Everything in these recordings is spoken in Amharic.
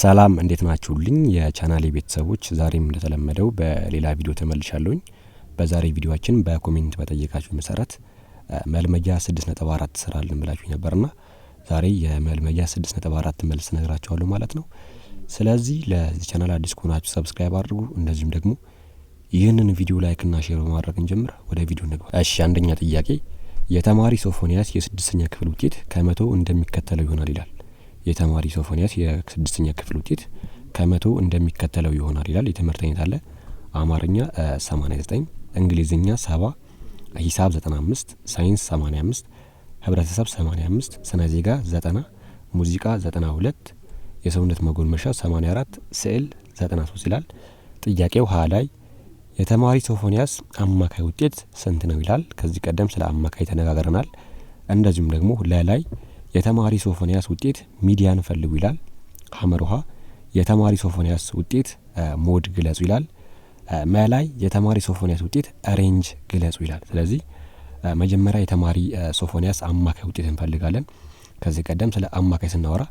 ሰላም እንዴት ናችሁልኝ የቻናሌ ቤተሰቦች፣ ዛሬም እንደተለመደው በሌላ ቪዲዮ ተመልሻለሁኝ። በዛሬ ቪዲዮችን በኮሜንት በጠየቃችሁ መሰረት መልመጃ ስድስት ነጥብ አራት ስራልን ብላችሁ ነበርና ዛሬ የመልመጃ ስድስት ነጥብ አራት መልስ ነግራችኋለሁ ማለት ነው። ስለዚህ ለዚህ ቻናል አዲስ ከሆናችሁ ሰብስክራይብ አድርጉ፣ እንደዚሁም ደግሞ ይህንን ቪዲዮ ላይክና ሼር በማድረግ እንጀምር። ወደ ቪዲዮ ንግባ። እሺ፣ አንደኛ ጥያቄ የተማሪ ሶፎንያስ የስድስተኛ ክፍል ውጤት ከመቶ እንደሚከተለው ይሆናል ይላል የተማሪ ሶፎንያስ የስድስተኛ ክፍል ውጤት ከመቶ እንደሚከተለው ይሆናል ይላል። የትምህርት አይነት አለ አማርኛ 89፣ እንግሊዝኛ 70፣ ሂሳብ 95፣ ሳይንስ 85፣ ህብረተሰብ 85፣ ስነ ዜጋ 90፣ ሙዚቃ 92፣ የሰውነት መጎልመሻ 84፣ ስዕል 93 ይላል። ጥያቄው ሀ ላይ የተማሪ ሶፎንያስ አማካይ ውጤት ስንት ነው ይላል። ከዚህ ቀደም ስለ አማካይ ተነጋግረናል። እንደዚሁም ደግሞ ለላይ የተማሪ ሶፎንያስ ውጤት ሚዲያን ፈልጉ ይላል። ሀመር ውሃ የተማሪ ሶፎንያስ ውጤት ሞድ ግለጹ ይላል። መላይ የተማሪ ሶፎንያስ ውጤት ሬንጅ ግለጹ ይላል። ስለዚህ መጀመሪያ የተማሪ ሶፎንያስ አማካይ ውጤት እንፈልጋለን። ከዚህ ቀደም ስለ አማካይ ስናወራ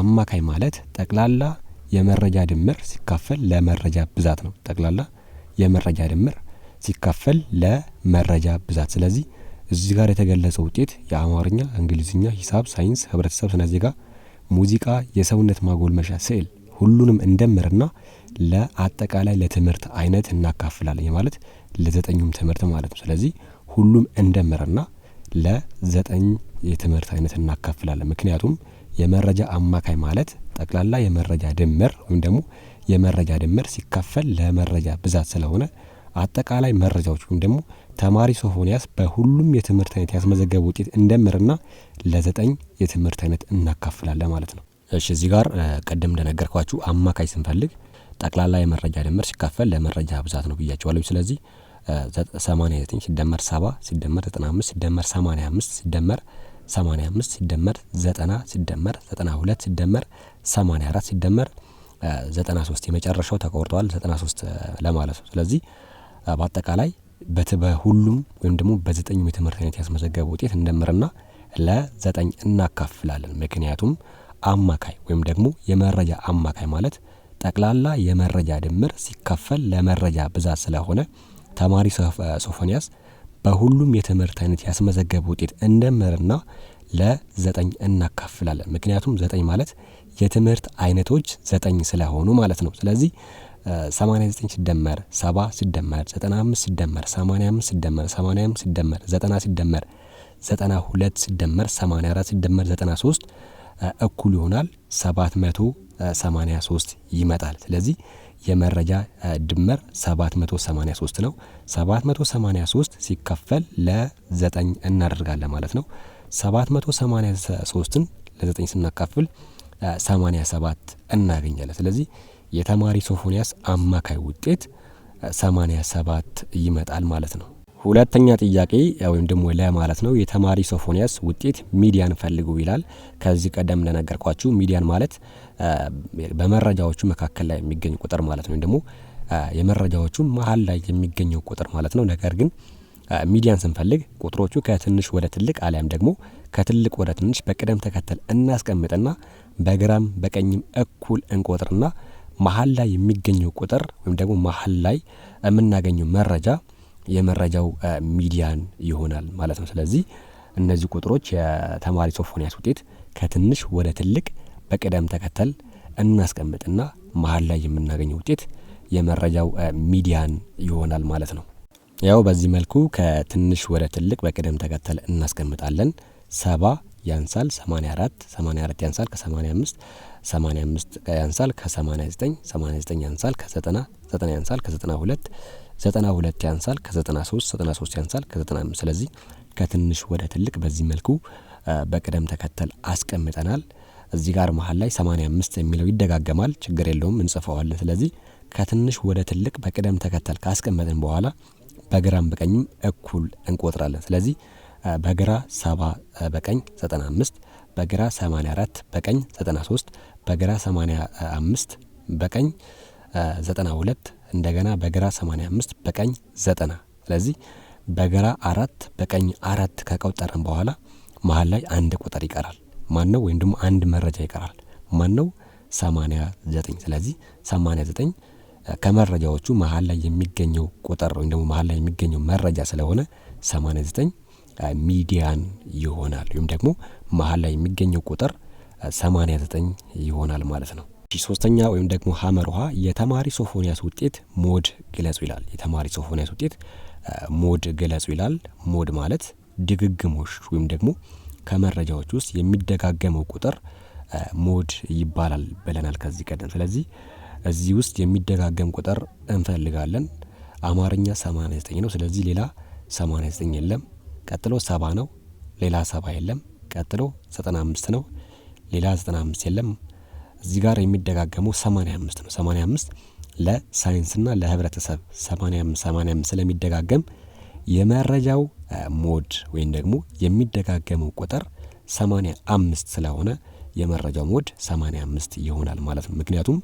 አማካይ ማለት ጠቅላላ የመረጃ ድምር ሲካፈል ለመረጃ ብዛት ነው። ጠቅላላ የመረጃ ድምር ሲካፈል ለመረጃ ብዛት ስለዚህ እዚህ ጋር የተገለጸ ውጤት የአማርኛ፣ እንግሊዝኛ፣ ሂሳብ፣ ሳይንስ፣ ህብረተሰብ፣ ስነ ዜጋ፣ ሙዚቃ፣ የሰውነት ማጎልመሻ፣ ስዕል ሁሉንም እንደምርና ለአጠቃላይ ለትምህርት አይነት እናካፍላለን ማለት ለዘጠኙም ትምህርት ማለት ነው። ስለዚህ ሁሉም እንደምርና ለዘጠኝ የትምህርት አይነት እናካፍላለን። ምክንያቱም የመረጃ አማካይ ማለት ጠቅላላ የመረጃ ድምር ወይም ደግሞ የመረጃ ድምር ሲካፈል ለመረጃ ብዛት ስለሆነ አጠቃላይ መረጃዎች ወይም ደግሞ ተማሪ ሶፎንያስ በሁሉም የትምህርት አይነት ያስመዘገበ ውጤት እንደምርና ለዘጠኝ የትምህርት አይነት እናካፍላለን ማለት ነው። እሺ እዚህ ጋር ቅድም እንደነገርኳችሁ አማካይ ስንፈልግ ጠቅላላ የመረጃ ድምር ሲካፈል ለመረጃ ብዛት ነው ብያቸዋለሁ። ስለዚህ 89 ሲደመር 70 ሲደመር 95 ሲደመር 85 ሲደመር 85 ሲደመር 90 ሲደመር 92 ሲደመር 84 ሲደመር 93 የመጨረሻው ተቆርጧል 93 ለማለት ነው። ስለዚህ በአጠቃላይ በሁሉም ወይም ደግሞ በዘጠኙም የትምህርት አይነት ያስመዘገበ ውጤት እንደምርና ለዘጠኝ እናካፍላለን። ምክንያቱም አማካይ ወይም ደግሞ የመረጃ አማካይ ማለት ጠቅላላ የመረጃ ድምር ሲካፈል ለመረጃ ብዛት ስለሆነ ተማሪ ሶፎንያስ በሁሉም የትምህርት አይነት ያስመዘገበ ውጤት እንደምርና ለዘጠኝ እናካፍላለን። ምክንያቱም ዘጠኝ ማለት የትምህርት አይነቶች ዘጠኝ ስለሆኑ ማለት ነው። ስለዚህ 89 ሲደመር 70 ሲደመር 95 ሲደመር 85 ሲደመር 85 ሲደመር 90 ሲደመር 92 ሲደመር 84 ሲደመር 93 እኩል ይሆናል 783 ይመጣል። ስለዚህ የመረጃ ድምር 783 ነው። 783 ሲከፈል ለ9 እናደርጋለን ማለት ነው። 783ን ለ9 ስናካፍል 87 እናገኛለን። ስለዚህ የተማሪ ሶፎንያስ አማካይ ውጤት 87 ይመጣል ማለት ነው። ሁለተኛ ጥያቄ ወይም ደግሞ ለ ማለት ነው የተማሪ ሶፎንያስ ውጤት ሚዲያን ፈልጉ ይላል። ከዚህ ቀደም እንደነገርኳችሁ ሚዲያን ማለት በመረጃዎቹ መካከል ላይ የሚገኝ ቁጥር ማለት ነው፣ ወይም ደግሞ የመረጃዎቹ መሀል ላይ የሚገኘው ቁጥር ማለት ነው። ነገር ግን ሚዲያን ስንፈልግ ቁጥሮቹ ከትንሽ ወደ ትልቅ አሊያም ደግሞ ከትልቅ ወደ ትንሽ በቅደም ተከተል እናስቀምጥና በግራም በቀኝም እኩል እንቆጥርና መሀል ላይ የሚገኘው ቁጥር ወይም ደግሞ መሀል ላይ የምናገኘው መረጃ የመረጃው ሚዲያን ይሆናል ማለት ነው። ስለዚህ እነዚህ ቁጥሮች የተማሪ ሶፎንያስ ውጤት ከትንሽ ወደ ትልቅ በቅደም ተከተል እናስቀምጥና መሀል ላይ የምናገኘው ውጤት የመረጃው ሚዲያን ይሆናል ማለት ነው። ያው በዚህ መልኩ ከትንሽ ወደ ትልቅ በቅደም ተከተል እናስቀምጣለን። ሰባ ያንሳል 84 84 ያንሳል ከ85 85 ያንሳል ከ89 89 ያንሳል ከ90 90 ያንሳል ከ92 92 ያንሳል ከ93 93 ያንሳል ከ95 ስለዚህ ከትንሽ ወደ ትልቅ በዚህ መልኩ በቅደም ተከተል አስቀምጠናል። እዚህ ጋር መሀል ላይ 85 የሚለው ይደጋገማል፣ ችግር የለውም እንጽፈዋለን። ስለዚህ ከትንሽ ወደ ትልቅ በቅደም ተከተል ካስቀመጥን በኋላ በግራም በቀኝም እኩል እንቆጥራለን። ስለዚህ በግራ 70 በቀኝ 95 በግራ 84 በቀኝ 93 በግራ 85 በቀኝ 92 እንደገና በግራ 85 በቀኝ 90 ስለዚህ በግራ አራት በቀኝ አራት ከቆጠርን በኋላ መሀል ላይ አንድ ቁጥር ይቀራል ማን ነው ወይም ደግሞ አንድ መረጃ ይቀራል ማን ነው 89 ስለዚህ 89 ከመረጃዎቹ መሀል ላይ የሚገኘው ቁጥር ወይም ደግሞ መሀል ላይ የሚገኘው መረጃ ስለሆነ 89 ሚዲያን ይሆናል ወይም ደግሞ መሀል ላይ የሚገኘው ቁጥር 89 ይሆናል ማለት ነው። ሶስተኛ ወይም ደግሞ ሀመር ውሃ የተማሪ ሶፎንያስ ውጤት ሞድ ግለጹ ይላል። የተማሪ ሶፎንያስ ውጤት ሞድ ግለጹ ይላል። ሞድ ማለት ድግግሞሽ ወይም ደግሞ ከመረጃዎች ውስጥ የሚደጋገመው ቁጥር ሞድ ይባላል ብለናል ከዚህ ቀደም። ስለዚህ እዚህ ውስጥ የሚደጋገም ቁጥር እንፈልጋለን። አማርኛ 89 ነው። ስለዚህ ሌላ 89 የለም። ቀጥሎ ሰባ ነው፣ ሌላ ሰባ የለም። ቀጥሎ ዘጠና አምስት ነው፣ ሌላ ዘጠና አምስት የለም። እዚህ ጋር የሚደጋገመው ሰማኒያ አምስት ነው። ሰማኒያ አምስት ለሳይንስና ለህብረተሰብ ሰማኒያ አምስት ሰማኒያ አምስት ስለሚደጋገም የመረጃው ሞድ ወይም ደግሞ የሚደጋገመው ቁጥር ሰማኒያ አምስት ስለሆነ የመረጃው ሞድ ሰማኒያ አምስት ይሆናል ማለት ነው። ምክንያቱም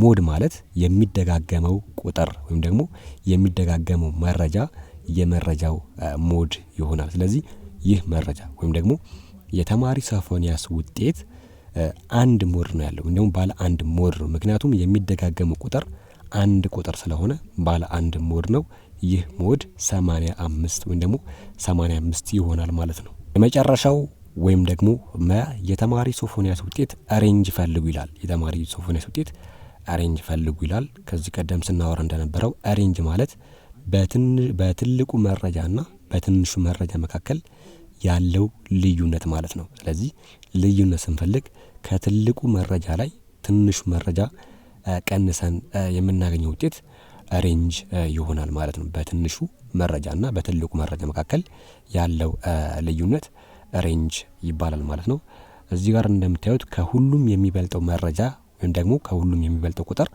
ሞድ ማለት የሚደጋገመው ቁጥር ወይም ደግሞ የሚደጋገመው መረጃ የመረጃው ሞድ ይሆናል። ስለዚህ ይህ መረጃ ወይም ደግሞ የተማሪ ሶፎንያስ ውጤት አንድ ሞድ ነው ያለው። እንዲሁም ባለ አንድ ሞድ ነው፣ ምክንያቱም የሚደጋገሙ ቁጥር አንድ ቁጥር ስለሆነ ባለ አንድ ሞድ ነው። ይህ ሞድ 85 ወይም ደግሞ 85 ይሆናል ማለት ነው። የመጨረሻው ወይም ደግሞ የተማሪ ሶፎንያስ ውጤት አሬንጅ ፈልጉ ይላል። የተማሪ ሶፎንያስ ውጤት አሬንጅ ፈልጉ ይላል። ከዚህ ቀደም ስናወራ እንደነበረው አሬንጅ ማለት በትልቁ መረጃና በትንሹ መረጃ መካከል ያለው ልዩነት ማለት ነው። ስለዚህ ልዩነት ስንፈልግ ከትልቁ መረጃ ላይ ትንሹ መረጃ ቀንሰን የምናገኘው ውጤት ሬንጅ ይሆናል ማለት ነው። በትንሹ መረጃ በትልቁ መረጃ መካከል ያለው ልዩነት ሬንጅ ይባላል ማለት ነው። እዚህ ጋር እንደምታዩት ከሁሉም የሚበልጠው መረጃ ወይም ደግሞ ከሁሉም የሚበልጠው ቁጥር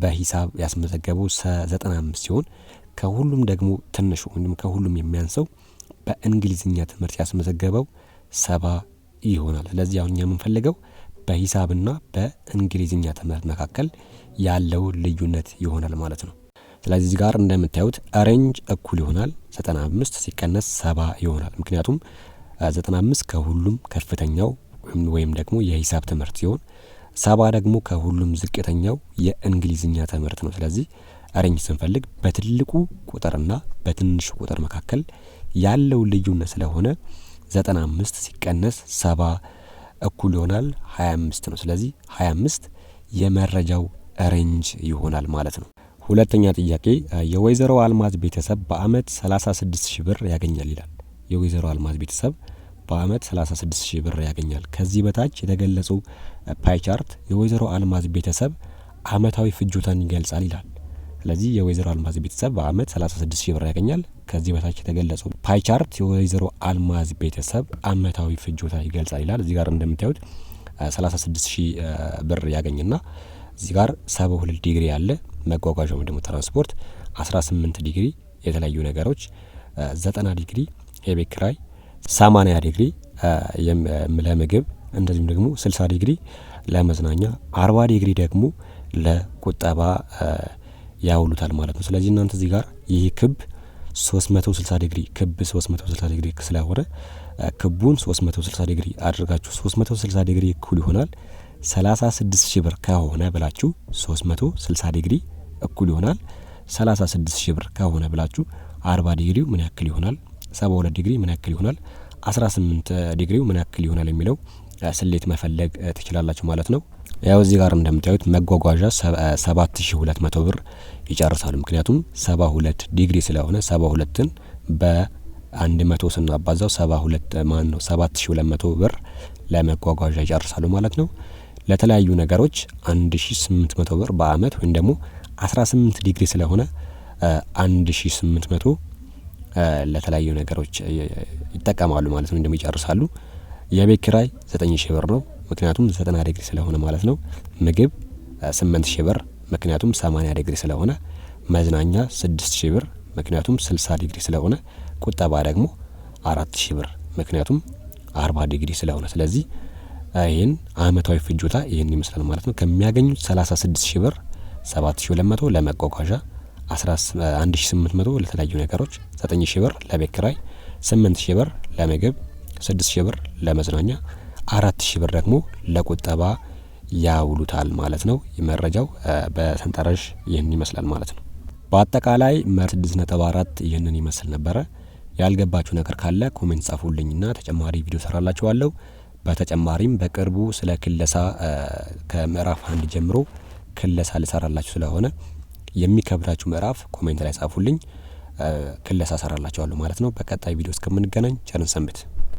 በሂሳብ ያስመዘገበው ዘጠና አምስት ሲሆን ከሁሉም ደግሞ ትንሹ ወይም ከሁሉም የሚያንሰው በእንግሊዝኛ ትምህርት ያስመዘገበው ሰባ ይሆናል። ስለዚህ አሁን የምንፈልገው በሂሳብና በእንግሊዝኛ ትምህርት መካከል ያለው ልዩነት ይሆናል ማለት ነው። ስለዚህ ጋር እንደምታዩት ሬንጅ እኩል ይሆናል 95 ሲቀነስ ሰባ ይሆናል። ምክንያቱም 95 ከሁሉም ከፍተኛው ወይም ደግሞ የሂሳብ ትምህርት ሲሆን ሰባ ደግሞ ከሁሉም ዝቅተኛው የእንግሊዝኛ ትምህርት ነው። ስለዚህ ሬንጅ ስንፈልግ በትልቁ ቁጥርና በትንሹ ቁጥር መካከል ያለው ልዩነት ስለሆነ 95 ሲቀነስ 70 እኩል ይሆናል 25 ነው። ስለዚህ 25 የመረጃው ሬንጅ ይሆናል ማለት ነው። ሁለተኛ ጥያቄ የወይዘሮ አልማዝ ቤተሰብ በአመት 36 ሺህ ብር ያገኛል ይላል። የወይዘሮ አልማዝ ቤተሰብ በአመት 36 ሺህ ብር ያገኛል። ከዚህ በታች የተገለጹ ፓይቻርት የወይዘሮ አልማዝ ቤተሰብ አመታዊ ፍጆታን ይገልጻል ይላል። ስለዚህ የወይዘሮ አልማዝ ቤተሰብ በአመት 36 ሺህ ብር ያገኛል። ከዚህ በታች የተገለጸው ፓይቻርት የወይዘሮ አልማዝ ቤተሰብ አመታዊ ፍጆታ ይገልጻል ይላል። እዚህ ጋር እንደምታዩት 36 ሺህ ብር ያገኝና እዚህ ጋር 72 ዲግሪ ያለ መጓጓዣ ወይም ደግሞ ትራንስፖርት፣ 18 ዲግሪ የተለያዩ ነገሮች፣ 90 ዲግሪ የቤት ኪራይ፣ 80 ዲግሪ ለምግብ እንደዚሁም ደግሞ 60 ዲግሪ ለመዝናኛ፣ 40 ዲግሪ ደግሞ ለቁጠባ ያውሉታል ማለት ነው። ስለዚህ እናንተ እዚህ ጋር ይህ ክብ 360 ዲግሪ ክብ 360 ዲግሪ ስለሆነ ክቡን 360 ዲግሪ አድርጋችሁ 360 ዲግሪ እኩል ይሆናል 36 ሺህ ብር ከሆነ ብላችሁ 360 ዲግሪ እኩል ይሆናል 36 ሺህ ብር ከሆነ ብላችሁ 40 ዲግሪው ምን ያክል ይሆናል? 72 ዲግሪ ምን ያክል ይሆናል? 18 ዲግሪው ምን ያክል ይሆናል? የሚለው ስሌት መፈለግ ትችላላችሁ ማለት ነው። ያው እዚህ ጋር እንደምታዩት መጓጓዣ 7200 ብር ይጨርሳሉ። ምክንያቱም 72 ዲግሪ ስለሆነ 72ን በ100 ስናባዛው 72 ማን ነው 7200 ብር ለመጓጓዣ ይጨርሳሉ ማለት ነው። ለተለያዩ ነገሮች 1800 ብር በአመት ወይም ደግሞ 18 ዲግሪ ስለሆነ 1800 ለተለያዩ ነገሮች ይጠቀማሉ ማለት ነው፣ እንደሚጨርሳሉ። የቤት ኪራይ 9000 ብር ነው። ምክንያቱም ዘጠና ዲግሪ ስለሆነ ማለት ነው። ምግብ ስምንት ሺ ብር ምክንያቱም ሰማኒያ ዲግሪ ስለሆነ፣ መዝናኛ ስድስት ብር ምክንያቱም ስልሳ ዲግሪ ስለሆነ፣ ቁጠባ ደግሞ አራት ሺ ብር ምክንያቱም አርባ ዲግሪ ስለሆነ ስለዚህ ይህን አመታዊ ፍጆታ ይህን ይመስላል ማለት ነው። ከሚያገኙት 36 ሺህ ብር 7200 ለመጓጓዣ፣ 1800 ለተለያዩ ነገሮች፣ 9 ብር ለቤት ኪራይ፣ 8 ሺህ ብር ለምግብ፣ 6 ሺህ ብር ለመዝናኛ አራት ሺህ ብር ደግሞ ለቁጠባ ያውሉታል ማለት ነው። መረጃው በሰንጠረዥ ይህን ይመስላል ማለት ነው። በአጠቃላይ ስድስት ነጥብ አራት ይህንን ይመስል ነበረ። ያልገባችሁ ነገር ካለ ኮሜንት ጻፉልኝና ተጨማሪ ቪዲዮ ሰራላችኋለሁ። በተጨማሪም በቅርቡ ስለ ክለሳ ከምዕራፍ አንድ ጀምሮ ክለሳ ልሰራላችሁ ስለሆነ የሚከብዳችሁ ምዕራፍ ኮሜንት ላይ ጻፉልኝ፣ ክለሳ ሰራላችኋለሁ ማለት ነው። በቀጣይ ቪዲዮ እስከምንገናኝ ቸርን ሰንብት።